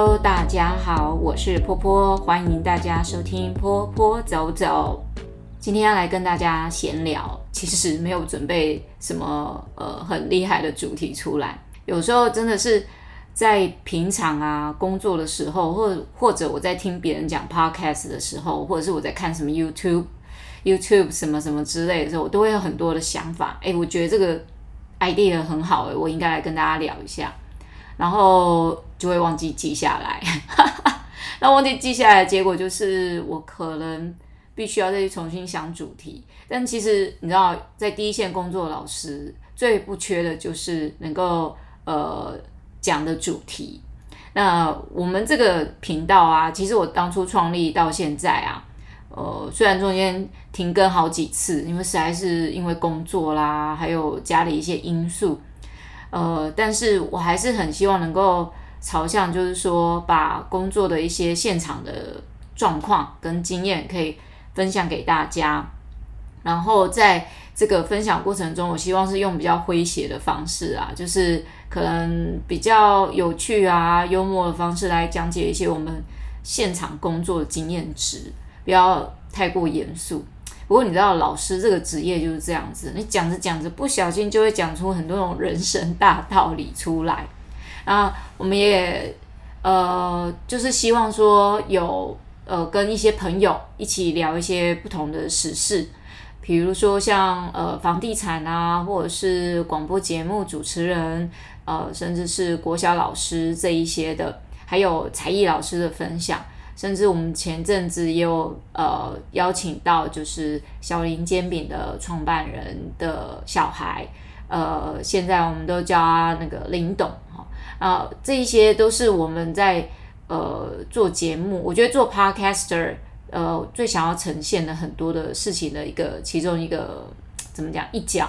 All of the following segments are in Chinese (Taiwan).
Hello，大家好，我是波波，歡迎大家收聽波波走走。今天要來跟大家閒聊，其實沒有準備什麼呃很厲害的主題出來。有時候真的是在平常啊工作的時候，或或者我在聽別人講 podcast 的時候，或者是我在看什麼 YouTube YouTube 什麼什麼之類的時候，我都會有很多的想法。誒，我覺得這個 idea 很好，欸，誒，我應該來跟大家聊一下。然後。就會忘記記下來， 那忘記記下來的結果就是我可能必須要再去重新想主題。但其實你知道，在第一線工作老師最不缺的就是能夠呃講的主題。那我們這個頻道啊，其實我當初創立到現在啊，呃，雖然中間停更好幾次，因為實在是因為工作啦，還有家裡一些因素，呃，但是我還是很希望能夠。朝向，就是說，把工作的一些現場的狀況跟經驗可以分享給大家。然後在這個分享過程中，我希望是用比較詼諧的方式啊，就是可能比較有趣啊、幽默的方式來講解一些我們現場工作的經驗值，不要太過嚴肅。不過你知道，老師這個職業就是這樣子，你講着講着，不小心就會講出很多種人生大道理出來。啊，我們也呃，就是希望說有呃，跟一些朋友一起聊一些不同的時事，比如說像呃房地產啊，或者是廣播節目主持人，呃，甚至是國小老師這一些的，還有才藝老師的分享，甚至我們前陣子也有呃邀請到，就是小林煎餅的創辦人的小孩，呃，現在我們都叫他那個林董。啊，這一些都是我們在呃做節目，我覺得做 podcaster 呃最想要呈現的很多的事情的一個其中一個怎麼講一角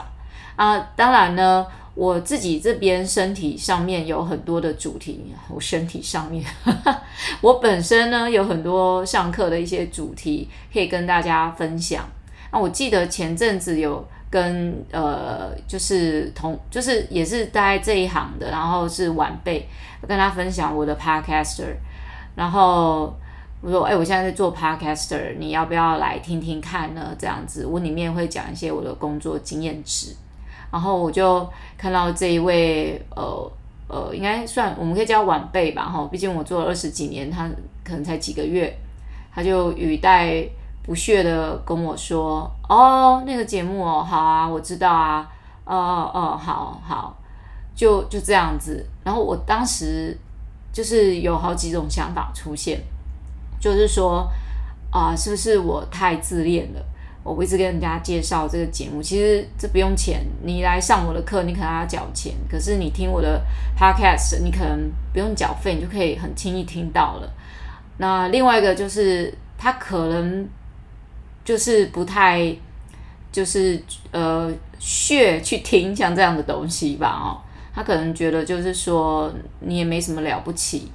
啊？當然呢，我自己這邊身體上面有很多的主題，我身體上面，哈哈，我本身呢有很多上課的一些主題可以跟大家分享。那、啊、我記得前陣子有。跟呃，就是同，就是也是在這一行的，然後是晚輩，跟他分享我的 Podcaster。然後我說，哎、欸，我現在在做 Podcaster，你要不要來聽聽看呢？這樣子，我裡面會講一些我的工作經驗值。然後我就看到這一位，呃呃，應該算我們可以叫晚輩吧，哈，畢竟我做了二十幾年，他可能才幾個月，他就語帶。不屑的跟我說：“哦，那個節目哦，好啊，我知道啊，哦哦，好好，就就這樣子。”然後我當時就是有好幾種想法出現，就是說啊、呃，是不是我太自戀了？我不一直跟人家介紹這個節目，其實這不用錢，你來上我的課，你可能要繳錢；可是你聽我的 podcast，你可能不用繳費，你就可以很輕易聽到了。那另外一個就是他可能。就是不太，就是呃，屑去聽像這樣的東西吧哦，他可能覺得就是說你也沒什麼了不起，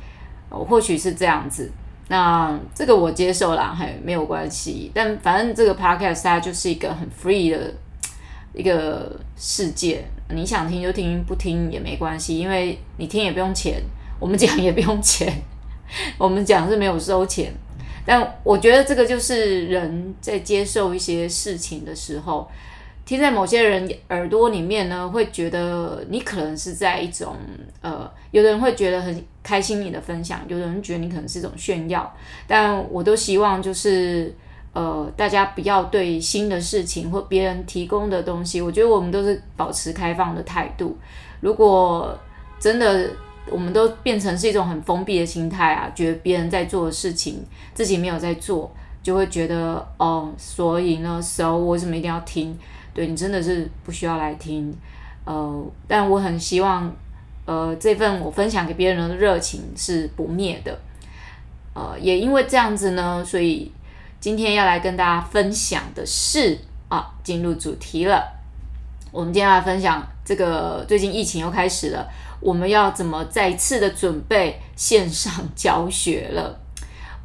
或許是這樣子。那這個我接受啦，嘿，沒有關係。但反正這個 podcast 它就是一個很 free 的一個世界，你想聽就聽，不聽也沒關係，因為你聽也不用錢，我們講也不用錢，我們講是沒有收錢。但我覺得這個就是人在接受一些事情的時候，聽在某些人耳朵裡面呢，會覺得你可能是在一種呃，有的人會覺得很開心你的分享，有的人覺得你可能是一種炫耀。但我都希望就是呃，大家不要對新的事情或別人提供的東西，我覺得我們都是保持開放的態度。如果真的。我們都變成是一種很封閉的心態啊，覺得別人在做的事情，自己沒有在做，就會覺得哦，所以呢，so 我為什麼一定要聽？對，你真的是不需要來聽，呃，但我很希望，呃，這份我分享給別人的熱情是不滅的，呃，也因為這樣子呢，所以今天要來跟大家分享的是啊，進入主題了，我們今天要來分享這個最近疫情又開始了。我們要怎麼再一次的準備線上教學了？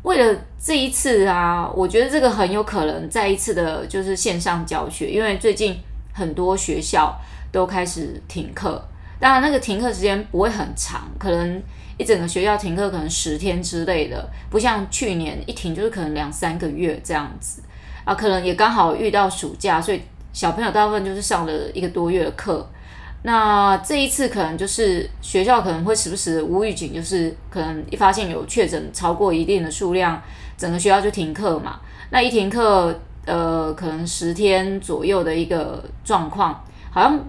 為了這一次啊，我覺得這個很有可能再一次的就是線上教學，因為最近很多學校都開始停課。當然，那個停課時間不會很長，可能一整個學校停課可能十天之類的，不像去年一停就是可能兩三個月這樣子啊。可能也剛好遇到暑假，所以小朋友大部分就是上了一個多月的課。那這一次可能就是學校可能會時不時的無預警，就是可能一發現有確診超過一定的數量，整個學校就停課嘛。那一停課，呃，可能十天左右的一個狀況，好像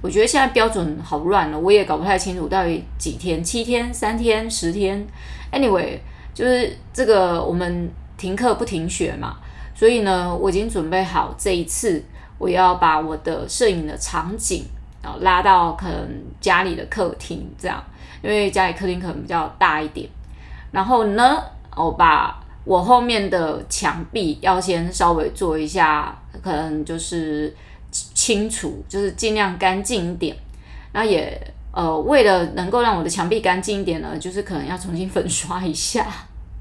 我覺得現在標準好亂了，我也搞不太清楚到底幾天，七天、三天、十天。Anyway，就是這個我們停課不停學嘛，所以呢，我已經準備好這一次，我要把我的攝影的場景。拉到可能家裡的客廳這樣，因為家裡客廳可能比較大一點。然後呢，我、哦、把我後面的牆壁要先稍微做一下，可能就是清除，就是盡量乾淨一點。那也呃，為了能夠讓我的牆壁乾淨一點呢，就是可能要重新粉刷一下。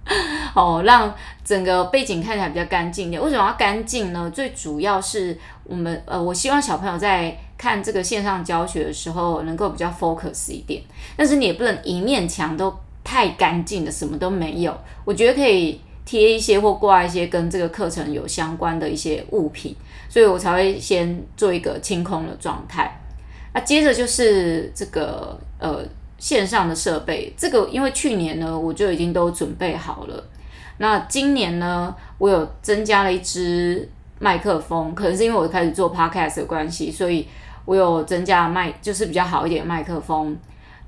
哦，讓整個背景看起來比較乾淨一點。為什麼要乾淨呢？最主要是我們呃，我希望小朋友在。看這個線上教學的時候，能夠比較 focus 一點，但是你也不能一面牆都太乾淨的，什麼都沒有。我覺得可以貼一些或掛一些跟這個課程有相關的一些物品，所以我才會先做一個清空的狀態。那接着就是這個呃線上的設備，這個因為去年呢我就已經都準備好了，那今年呢我有增加了一支麥克風，可能是因為我開始做 podcast 的關係，所以。我有增加麥，就是比較好一點的麥克風。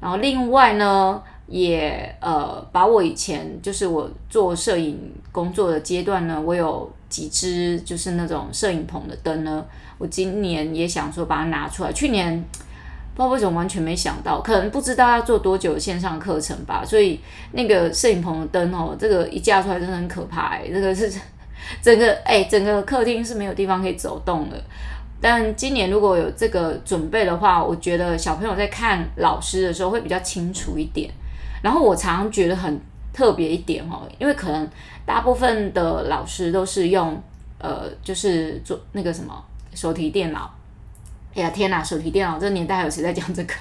然後另外呢，也呃把我以前就是我做攝影工作的階段呢，我有幾支就是那種攝影棚的燈呢，我今年也想說把它拿出來。去年，不知道為什麼，完全沒想到，可能不知道要做多久線上課程吧，所以那個攝影棚的燈哦，這個一架出來真的很可怕，欸，這個是整個誒、欸，整個客廳是沒有地方可以走動的。但今年如果有這個準備的話，我覺得小朋友在看老師的時候會比較清楚一點。然後我常常覺得很特別一點哦，因為可能大部分的老師都是用呃，就是做那個什麼手提電腦。哎呀，天哪，手提電腦這年代還有誰在講這個？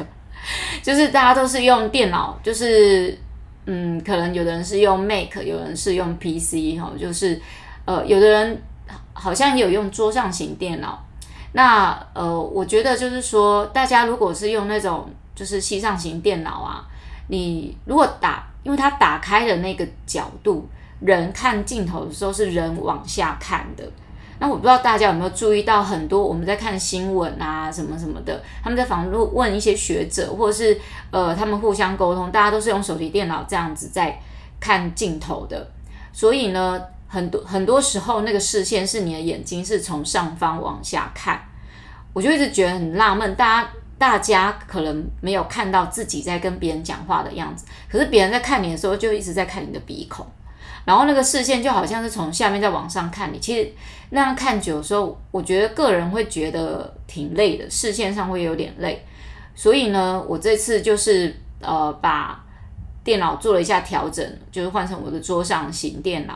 就是大家都是用電腦，就是嗯，可能有的人是用 Mac，有人是用 PC 哈、哦，就是呃，有的人好像也有用桌上型電腦。那呃，我覺得就是說，大家如果是用那種就是膝上型電腦啊，你如果打，因為它打開的那個角度，人看鏡頭的時候是人往下看的。那我不知道大家有沒有注意到，很多我們在看新聞啊什麼什麼的，他們在訪問一些學者，或者是呃他們互相溝通，大家都是用手提電腦這樣子在看鏡頭的，所以呢。很多很多時候，那個視線是你的眼睛是從上方往下看，我就一直覺得很納悶，大家大家可能沒有看到自己在跟別人講話的樣子，可是別人在看你的時候，就一直在看你的鼻孔，然後那個視線就好像是從下面再往上看你。其實那樣看久的時候，我覺得個人會覺得挺累的，視線上會有點累。所以呢，我這次就是呃把電腦做了一下調整，就是換成我的桌上型電腦。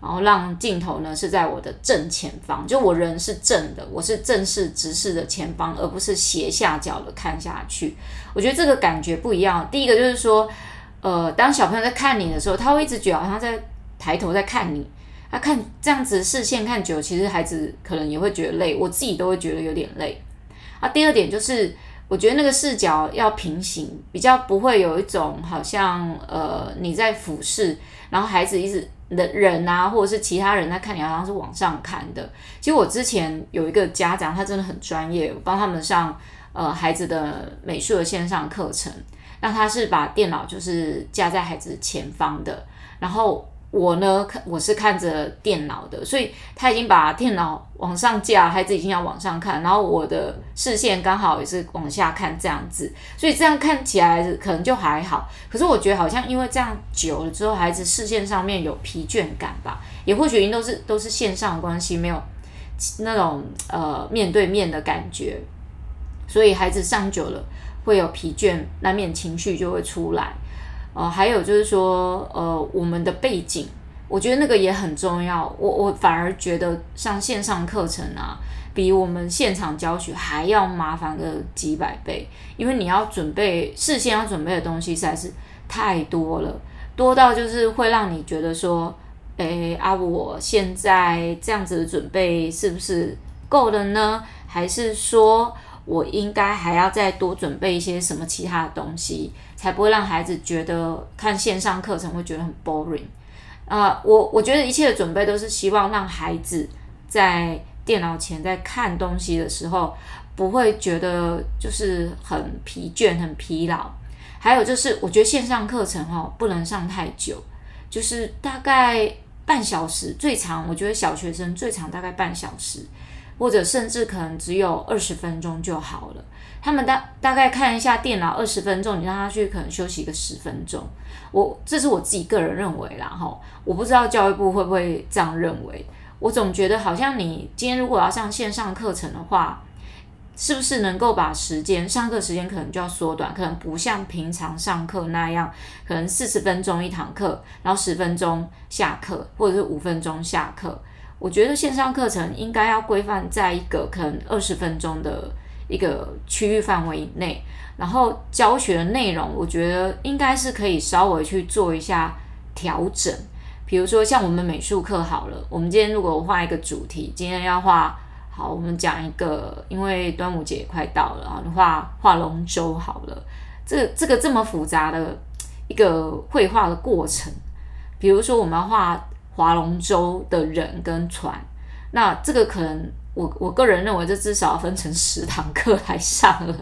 然後讓鏡頭呢是在我的正前方，就我人是正的，我是正視、直視的前方，而不是斜下角的看下去。我覺得這個感覺不一樣。第一個就是說，呃，當小朋友在看你的時候，他會一直覺得好像在抬頭在看你，他看這樣子視線看久，其實孩子可能也會覺得累，我自己都會覺得有點累。啊，第二點就是，我覺得那個視角要平行，比較不會有一種好像呃你在俯視，然後孩子一直。的人啊，或者是其他人在看你，啊，好像是往上看的。其實我之前有一個家長，他真的很專業，我幫他們上呃孩子的美術的線上課程。那他是把電腦就是架在孩子前方的，然後。我呢，看我是看着電腦的，所以他已經把電腦往上架，孩子已經要往上看，然後我的視線剛好也是往下看這樣子，所以這樣看起來可能就還好。可是我覺得好像因為這樣久了之後，孩子視線上面有疲倦感吧，也或許因為都是都是線上關係，沒有那種呃面對面的感覺，所以孩子上久了會有疲倦，難免情緒就會出來。呃，還有就是說，呃，我們的背景，我覺得那個也很重要。我我反而覺得，上線上課程啊，比我們現場教學還要麻煩個幾百倍，因為你要準備事先要準備的東西實在是太多了，多到就是會讓你覺得說，誒、欸，啊，我現在這樣子的準備是不是夠了呢？還是說，我應該還要再多準備一些什麼其他的東西，才不會讓孩子覺得看線上課程會覺得很 boring。啊、呃，我我覺得一切的準備都是希望讓孩子在電腦前在看東西的時候，不會覺得就是很疲倦、很疲勞。還有就是，我覺得線上課程哈，哦，不能上太久，就是大概半小時，最長我覺得小學生最長大概半小時。或者甚至可能只有二十分鐘就好了。他們大大概看一下電腦二十分鐘，你讓他去可能休息個十分鐘。我這是我自己個人認為啦，吼，我不知道教育部會不會這樣認為。我總覺得好像你今天如果要上線上課程的話，是不是能夠把時間上課時間可能就要縮短，可能不像平常上課那樣，可能四十分鐘一堂課，然後十分鐘下課，或者是五分鐘下課。我覺得線上課程應該要規範在一個可能二十分鐘的一個區域範圍以內，然後教學的內容，我覺得應該是可以稍微去做一下調整。比如說像我們美術課好了，我們今天如果畫一個主題，今天要畫好，我們講一個，因為端午節也快到了，畫畫龍舟好了。這個、這個這麼複雜的一個繪畫的過程，比如說我們要畫。划龍舟的人跟船，那這個可能我我個人認為，這至少要分成十堂課來上了。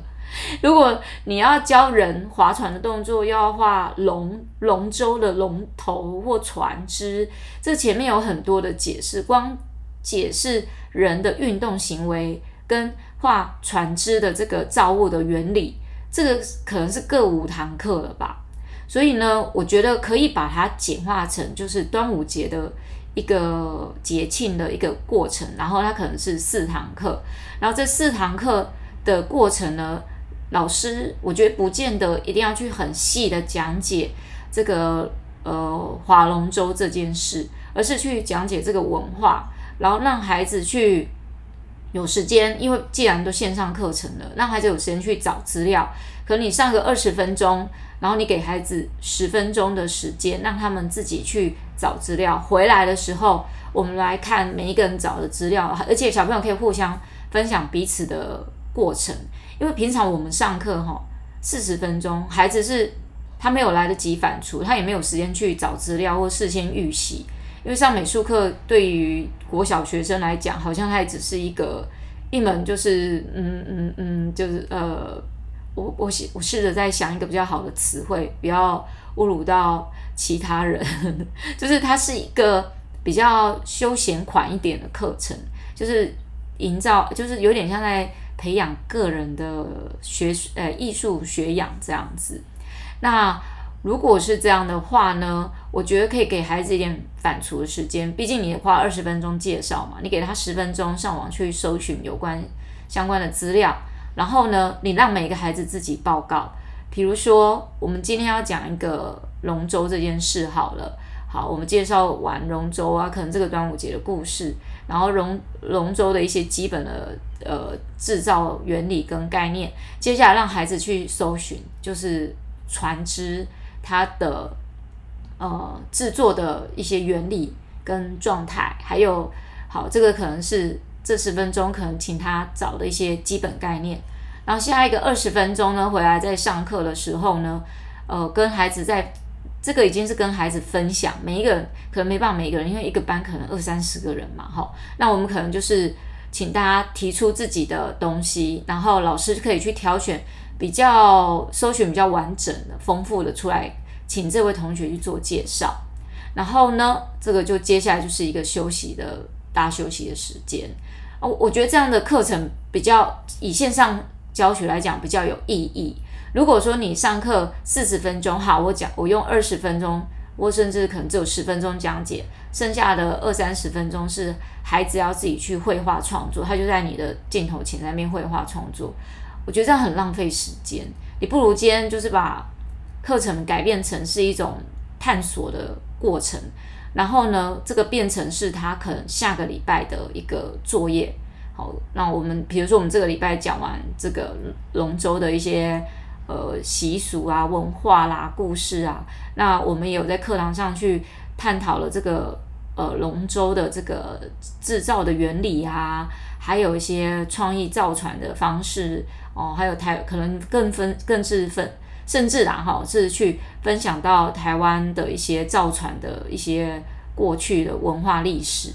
如果你要教人划船的動作，要畫龍龍舟的龍頭或船隻，這前面有很多的解釋，光解釋人的運動行為跟畫船隻的這個造物的原理，這個可能是各五堂課了吧。所以呢，我覺得可以把它簡化成就是端午節的一個節慶的一個過程，然後它可能是四堂課，然後這四堂課的過程呢，老師我覺得不見得一定要去很細的講解這個呃划龍舟這件事，而是去講解這個文化，然後讓孩子去有時間，因為既然都線上課程了，讓孩子有時間去找資料，可能你上個二十分鐘。然後你給孩子十分鐘的時間，讓他們自己去找資料。回來的時候，我們來看每一個人找的資料，而且小朋友可以互相分享彼此的過程。因為平常我們上課哈、哦，四十分鐘，孩子是他沒有來得及反芻，他也沒有時間去找資料或事先預習。因為上美術課對於國小學生來講，好像他也只是一個一門，就是嗯嗯嗯，就是呃。我我試我試着在想一個比較好的詞彙，不要侮辱到其他人， 就是它是一個比較休閒款一點的課程，就是營造，就是有點像在培養個人的學呃藝術學養這樣子。那如果是這樣的話呢，我覺得可以給孩子一點反芻的時間，畢竟你花二十分鐘介紹嘛，你給他十分鐘上網去搜尋有關相關的資料。然後呢，你讓每個孩子自己報告。比如說，我們今天要講一個龍舟這件事，好了，好，我們介紹完龍舟啊，可能這個端午節的故事，然後龍龍舟的一些基本的呃製造原理跟概念。接下來讓孩子去搜尋，就是船隻它的呃製作的一些原理跟狀態，還有好，這個可能是。這十分鐘可能請他找的一些基本概念，然後下一個二十分鐘呢，回來在上課的時候呢，呃，跟孩子在這個已經是跟孩子分享，每一個人可能沒辦法每一個人，因為一個班可能二三十個人嘛，哈，那我們可能就是請大家提出自己的東西，然後老師可以去挑選比較搜尋比較完整的、豐富的出來，請這位同學去做介紹，然後呢，這個就接下來就是一個休息的。大家休息的時間，哦，我覺得這樣的課程比較以線上教學來講比較有意義。如果說你上課四十分鐘，好，我講我用二十分鐘，我甚至可能只有十分鐘講解，剩下的二三十分鐘是孩子要自己去繪畫創作，他就在你的鏡頭前那邊繪畫創作。我覺得這樣很浪費時間，你不如今天就是把課程改變成是一種探索的過程。然後呢，這個變成是他可能下個禮拜的一個作業。好，那我們比如說，我們這個禮拜講完這個龍舟的一些呃習俗啊、文化啦、故事啊，那我們也有在課堂上去探討了這個呃龍舟的這個製造的原理啊，還有一些創意造船的方式哦，還有他可能更分更是分，甚至然、啊、哈，是去分享到台灣的一些造船的一些過去的文化歷史。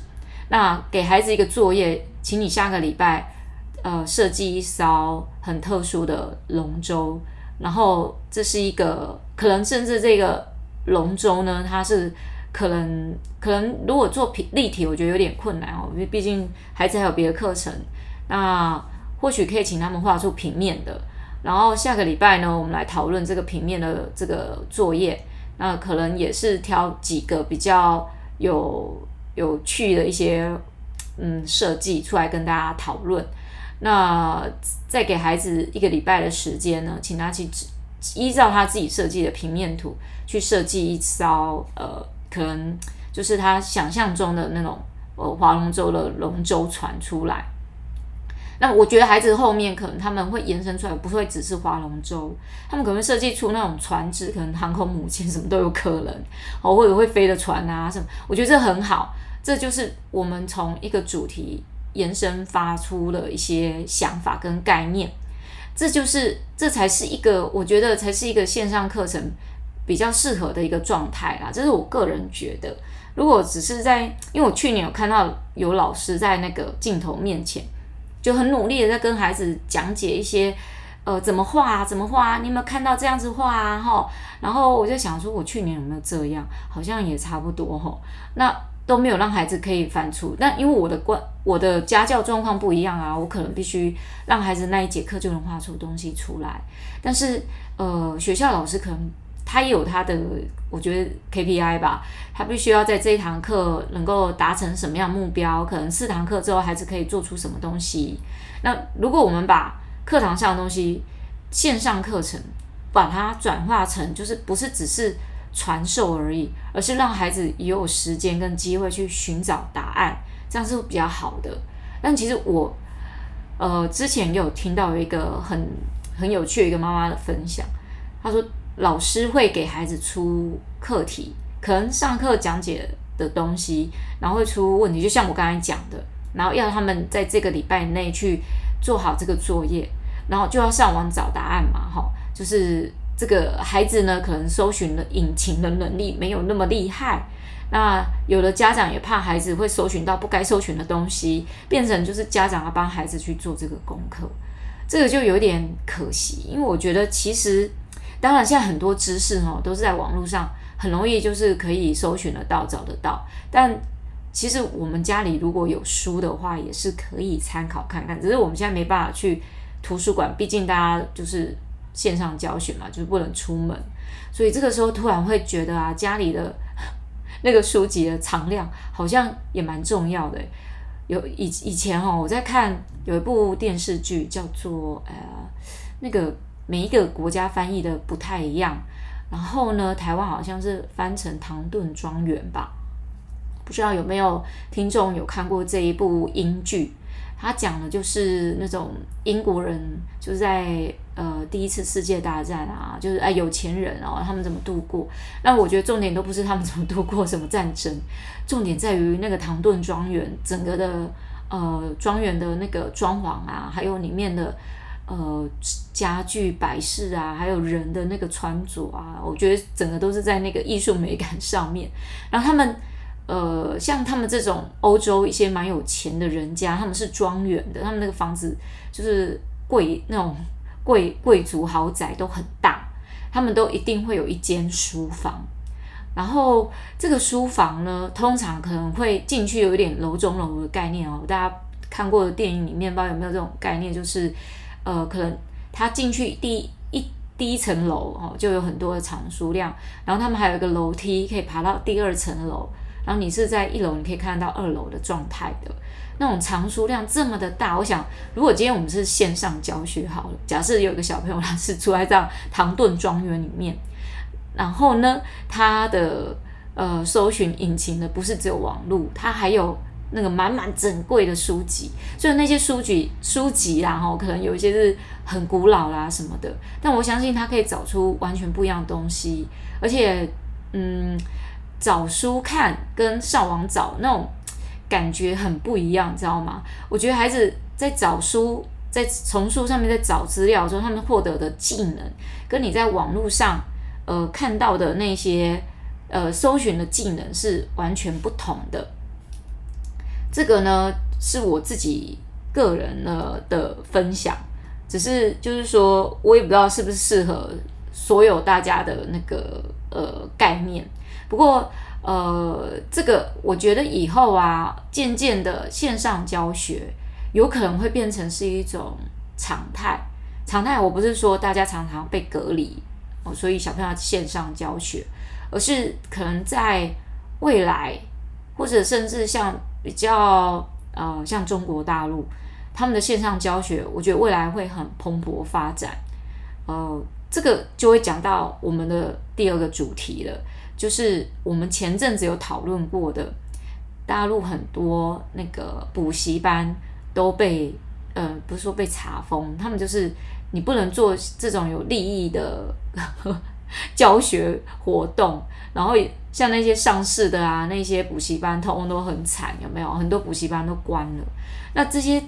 那給孩子一個作業，請你下個禮拜，呃，設計一艘很特殊的龍舟。然後這是一個可能，甚至這個龍舟呢，它是可能可能，如果做平立體，我覺得有點困難哦，因為畢竟孩子還有別的課程。那或許可以請他們畫出平面的。然後下個禮拜呢，我們來討論這個平面的這個作業。那可能也是挑幾個比較有有趣的一些嗯設計出來跟大家討論。那再給孩子一個禮拜的時間呢，請他去依照他自己設計的平面圖去設計一艘呃，可能就是他想象中的那種呃划龍舟的龍舟船出來。那我覺得孩子後面可能他們會延伸出來，不會只是划龍舟，他們可能會設計出那種船隻，可能航空母艦什麼都有可能，哦，或者會飛的船啊什麼。我覺得這很好，這就是我們從一個主題延伸發出的一些想法跟概念，這就是這才是一個我覺得才是一個線上課程比較適合的一個狀態啦，這是我個人覺得。如果只是在，因為我去年有看到有老師在那個鏡頭面前。就很努力的在跟孩子講解一些，呃，怎麼畫啊，怎麼畫啊，你有沒有看到這樣子畫啊？吼，然後我就想說，我去年有沒有這樣，好像也差不多吼，那都沒有讓孩子可以反出，那因為我的關，我的家教狀況不一樣啊，我可能必須讓孩子那一節課就能畫出東西出來，但是，呃，學校老師可能。他也有他的，我覺得 KPI 吧，他必須要在這一堂課能夠達成什麼樣目標，可能四堂課之後孩子可以做出什麼東西。那如果我們把課堂上的東西，線上課程把它轉化成，就是不是只是傳授而已，而是讓孩子也有時間跟機會去尋找答案，這樣是比較好的。但其實我，呃，之前也有聽到一個很很有趣的一個媽媽的分享，她說。老師會給孩子出課題，可能上課講解的東西，然後會出問題，就像我剛才講的，然後要他們在這個禮拜內去做好這個作業，然後就要上網找答案嘛，哈，就是這個孩子呢，可能搜尋的引擎的能力沒有那麼厲害，那有的家長也怕孩子會搜尋到不該搜尋的東西，變成就是家長要幫孩子去做這個功課，這個就有點可惜，因為我覺得其實。當然，現在很多知識哈、哦、都是在網絡上很容易，就是可以搜尋得到、找得到。但其實我們家裡如果有書的話，也是可以參考看看。只是我們現在沒辦法去圖書館，畢竟大家就是線上教學嘛，就是不能出門。所以這個時候突然會覺得啊，家裡的那個書籍的藏量好像也蠻重要的。有以以前哦，我在看有一部電視劇叫做呃那個。每一個國家翻譯的不太一樣，然後呢，台灣好像是翻成唐頓莊園吧，不知道有沒有聽眾有看過這一部英劇？他講的就是那種英國人就，就是在呃第一次世界大戰啊，就是哎有錢人然後、哦、他們怎麼度過？那我覺得重點都不是他們怎麼度過什麼戰爭，重點在於那個唐頓莊園整個的呃莊園的那個裝潢啊，還有裡面的。呃，家具擺飾啊，還有人的那個穿着啊，我覺得整個都是在那個藝術美感上面。然後他們，呃，像他們這種歐洲一些蠻有錢的人家，他們是莊園的，他們那個房子就是貴那種貴貴族豪宅都很大，他們都一定會有一間書房。然後這個書房呢，通常可能會進去有一點樓中樓的概念哦。大家看過的電影裡面不知道有沒有這種概念？就是。呃，可能他進去，第一,一,一第一層樓哦，就有很多的藏書量，然後他們還有一個樓梯可以爬到第二層樓，然後你是在一樓，你可以看得到二樓的狀態的。那種藏書量這麼的大，我想，如果今天我們是線上教學好了，假設有一個小朋友他是住在這樣唐頓莊園裡面，然後呢，他的呃搜尋引擎的不是只有網路，他還有。那個滿滿整櫃的書籍，所以那些書籍書籍啦，然後，可能有一些是很古老啦什麼的。但我相信他可以找出完全不一樣的東西，而且，嗯，找書看跟上網找那種感覺很不一樣，你知道嗎？我覺得孩子在找書，在從書上面在找資料的時候，他們獲得的技能，跟你在網絡上呃看到的那些呃搜尋的技能是完全不同的。這個呢是我自己個人呢的分享，只是就是說我也不知道是不是適合所有大家的那個呃概念。不過呃，這個我覺得以後啊，漸漸的線上教學有可能會變成是一種常態。常態我不是說大家常常被隔離哦，所以小朋友要線上教學，而是可能在未來或者甚至像。比較，呃，像中國大陸，他們的線上教學，我覺得未來會很蓬勃發展。呃，這個就會講到我們的第二個主題了，就是我們前陣子有討論過的，大陸很多那個補習班都被，呃，不是說被查封，他們就是你不能做這種有利益的。呵呵教學活動，然後像那些上市的啊，那些補習班通通都很慘，有沒有？很多補習班都關了。那這些，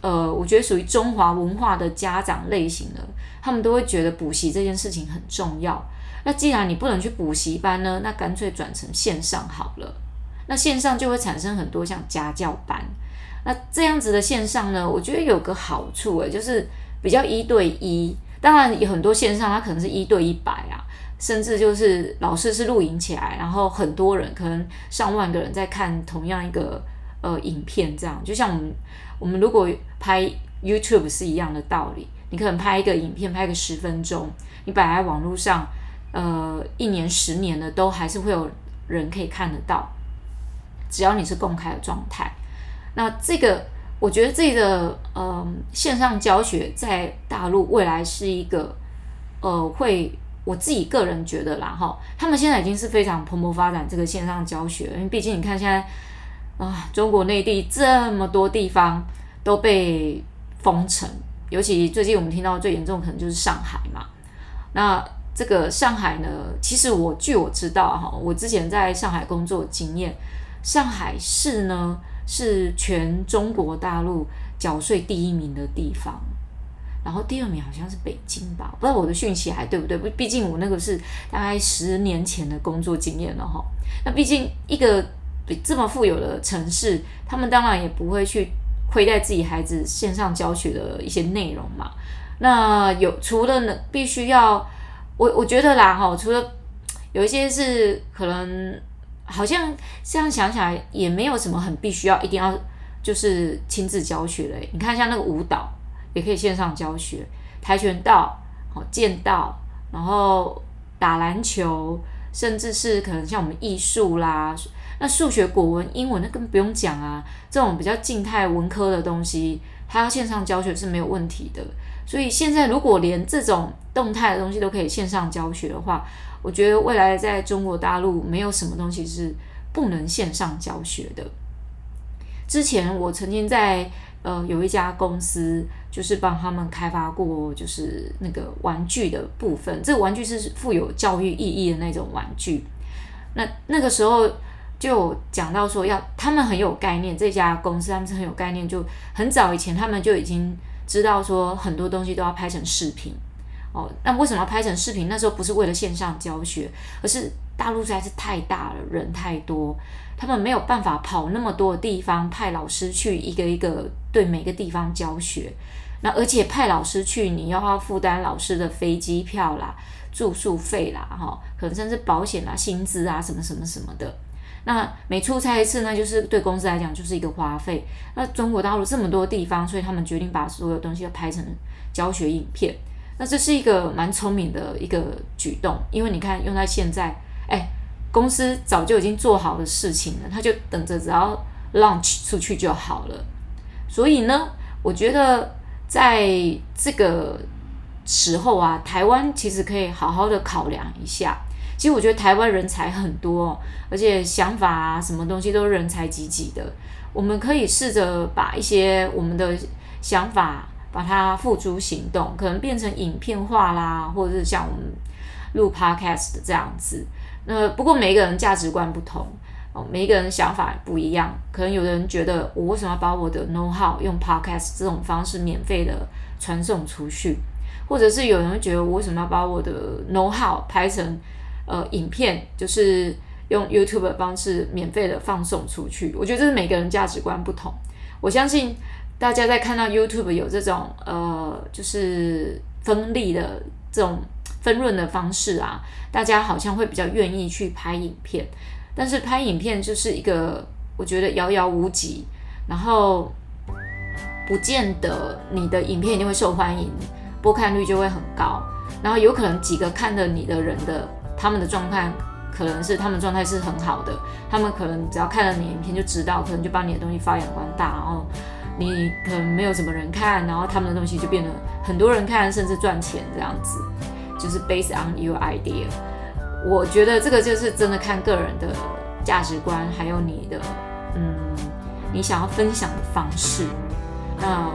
呃，我覺得屬於中華文化的家長類型的，他們都會覺得補習這件事情很重要。那既然你不能去補習班呢，那乾脆轉成線上好了。那線上就會產生很多像家教班。那這樣子的線上呢，我覺得有個好處誒、欸，就是比較一對一。當然有很多線上，它可能是一對一百啊，甚至就是老師是錄影起來，然後很多人可能上萬個人在看同樣一個呃影片，這樣就像我們我們如果拍 YouTube 是一樣的道理，你可能拍一個影片，拍個十分鐘，你擺在網絡上，呃，一年十年的都還是會有人可以看得到，只要你是公開的狀態，那這個。我覺得這個嗯線上教學在大陸未來是一個呃會我自己個人覺得啦哈，他們現在已經是非常蓬勃發展這個線上教學，因為畢竟你看現在啊、呃、中國內地這麼多地方都被封城，尤其最近我們聽到的最嚴重的可能就是上海嘛。那這個上海呢，其實我據我知道哈，我之前在上海工作經驗，上海市呢。是全中國大陸繳稅第一名的地方，然後第二名好像是北京吧？不知道我的訊息還對不對？不，畢竟我那個是大概十年前的工作經驗了哈。那畢竟一個比這麼富有的城市，他們當然也不會去虧待自己孩子線上教學的一些內容嘛。那有除了必須要我我覺得啦哈，除了有一些是可能。好像這樣想起來也沒有什麼很必須要一定要就是親自教學的，欸。你看一下那個舞蹈也可以線上教學，跆拳道，哦劍道，然後打籃球，甚至是可能像我們藝術啦，那數學、國文、英文那根本不用講啊。這種比較靜態文科的東西，它要線上教學是沒有問題的。所以現在如果連這種動態的東西都可以線上教學的話，我覺得未來在中國大陸沒有什麼東西是不能線上教學的。之前我曾經在呃有一家公司，就是幫他們開發過，就是那個玩具的部分。這個玩具是富有教育意義的那種玩具。那那個時候就講到說，要他們很有概念，這家公司他們是很有概念，就很早以前他們就已經知道說很多東西都要拍成視頻。哦，那為什麼要拍成視頻？那時候不是為了線上教學，而是大陸實在是太大了，人太多，他們沒有辦法跑那麼多的地方，派老師去一個一個對每個地方教學。那而且派老師去，你要要負擔老師的飛機票啦、住宿費啦，哈、哦，可能甚至保險啦、薪資啊什麼什麼什麼的。那每出差一次呢，就是對公司來講就是一個花費。那中國大陸這麼多地方，所以他們決定把所有東西都拍成教學影片。那這是一個蠻聰明的一個舉動，因為你看，用到現在，哎，公司早就已經做好的事情了，他就等着只要 launch 出去就好了。所以呢，我覺得在這個時候啊，台灣其實可以好好的考量一下。其實我覺得台灣人才很多，而且想法啊，什麼東西都人才濟濟的。我們可以試着把一些我們的想法。把它付諸行動，可能變成影片化啦，或者是像我們錄 Podcast 的這樣子。那不過每一個人價值觀不同哦，每一個人想法不一樣，可能有人覺得我為什麼要把我的 know how 用 Podcast 這種方式免費的傳送出去，或者是有人會覺得我為什麼要把我的 know how 拍成呃影片，就是用 YouTube 的方式免費的放送出去。我覺得這是每個人價值觀不同，我相信。大家在看到 YouTube 有這種呃，就是分利的這種分潤的方式啊，大家好像會比較願意去拍影片，但是拍影片就是一個我覺得遙遙無期，然後不見得你的影片一定會受歡迎，觀看率就會很高，然後有可能幾個看了你的人的他們的狀態可能是他們狀態是很好的，他們可能只要看了你的影片就知道，可能就把你的東西發揚光大，然、哦、後。你可能沒有什麼人看，然後他們的東西就變得很多人看，甚至賺錢這樣子，就是 based on your idea。我覺得這個就是真的看個人的價值觀，還有你的嗯，你想要分享的方式。那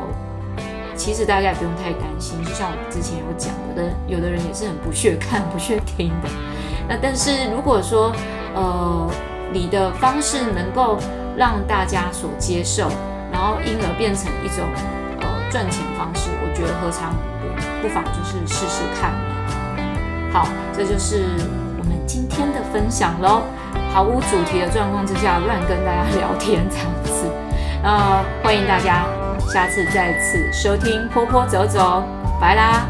其實大家也不用太擔心，就像我之前有講的，有的人也是很不屑看、不屑聽的。那但是如果說呃，你的方式能夠讓大家所接受，然後因而變成一種呃賺錢方式，我覺得何嘗不不妨就是試試看。好，這就是我們今天的分享嘍。毫無主題的狀況之下亂跟大家聊天這樣子，那、呃、歡迎大家下次再次收聽波波走走，拜啦。